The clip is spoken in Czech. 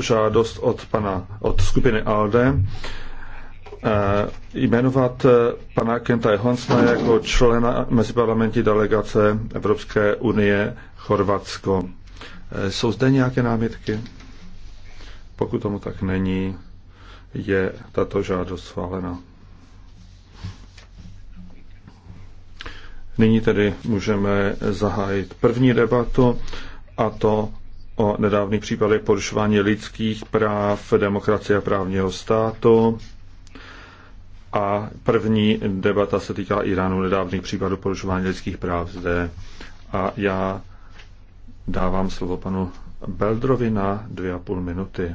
žádost od, pana, od skupiny ALDE eh, jmenovat eh, pana Kenta Johansna jako člena meziparlamentní delegace Evropské unie Chorvatsko. Eh, jsou zde nějaké námitky? Pokud tomu tak není, je tato žádost schválena. Nyní tedy můžeme zahájit první debatu a to o nedávných případech porušování lidských práv, demokracie a právního státu. A první debata se týká Iránu nedávných případů porušování lidských práv zde. A já dávám slovo panu Beldrovi na dvě a půl minuty.